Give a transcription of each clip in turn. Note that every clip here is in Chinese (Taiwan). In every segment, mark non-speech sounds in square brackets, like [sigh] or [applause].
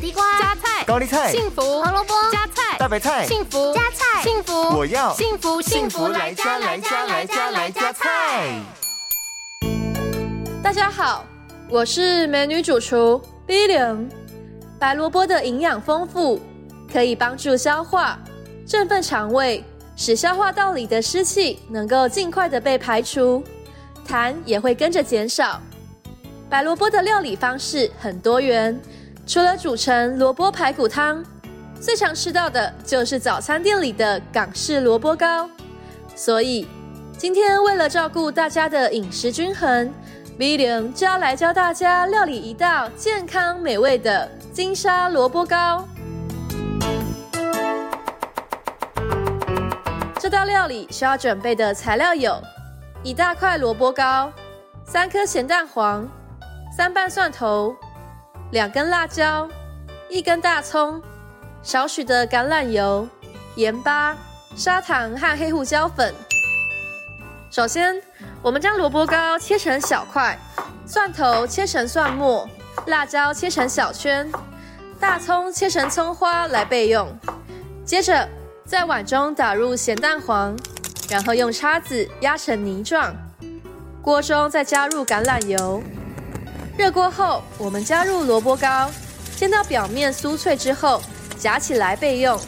地瓜、加菜高麗菜、幸福、紅蘿蔔、加菜、大白菜、幸福、加菜、幸福，我要幸福幸福來加來加來加來加菜。大家好，我是美女主廚 William。白蘿蔔的營養豐富，可以幫助消化，振奮腸胃，使消化道裡的濕氣能夠儘快的被排除，痰也會跟着減少。白蘿蔔的料理方式很多元。除了煮成蘿蔔排骨湯，最常吃到的就是早餐店裡的港式蘿蔔糕。所以今天為了照顧大家的飲食均衡，William 就要來教大家料理一道健康美味的金沙蘿蔔糕。 [music] 這道料理需要準備的材料有：一大塊蘿蔔糕、三顆鹹蛋黃、三瓣蒜頭。兩根辣椒，一根大蔥，少許的橄欖油、鹽巴、砂糖和黑胡椒粉。首先，我們將蘿蔔糕切成小塊，蒜頭切成蒜末，辣椒切成小圈，大蔥切成蔥花來備用。接着，在碗中打入鹹蛋黃，然後用叉子壓成泥狀。鍋中再加入橄欖油。熱鍋後，我們加入蘿蔔糕，煎到表面酥脆之後，夾起來備用。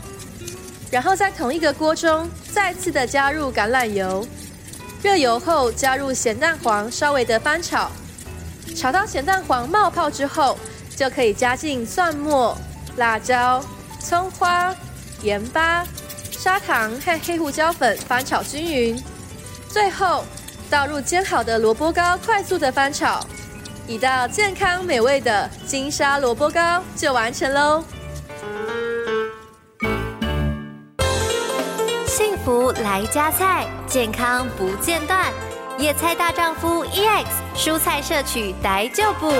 然後在同一個鍋中再次的加入橄欖油，熱油後加入鹹蛋黃，稍微的翻炒，炒到鹹蛋黃冒泡之後，就可以加進蒜末、辣椒、蔥花、鹽巴、砂糖和黑胡椒粉翻炒均勻。最後倒入煎好的蘿蔔糕，快速的翻炒。一道健康美味的金沙蘿蔔糕就完成嘍！幸福來加菜，健康不間斷，野菜大丈夫 EX，蔬菜攝取逮就補。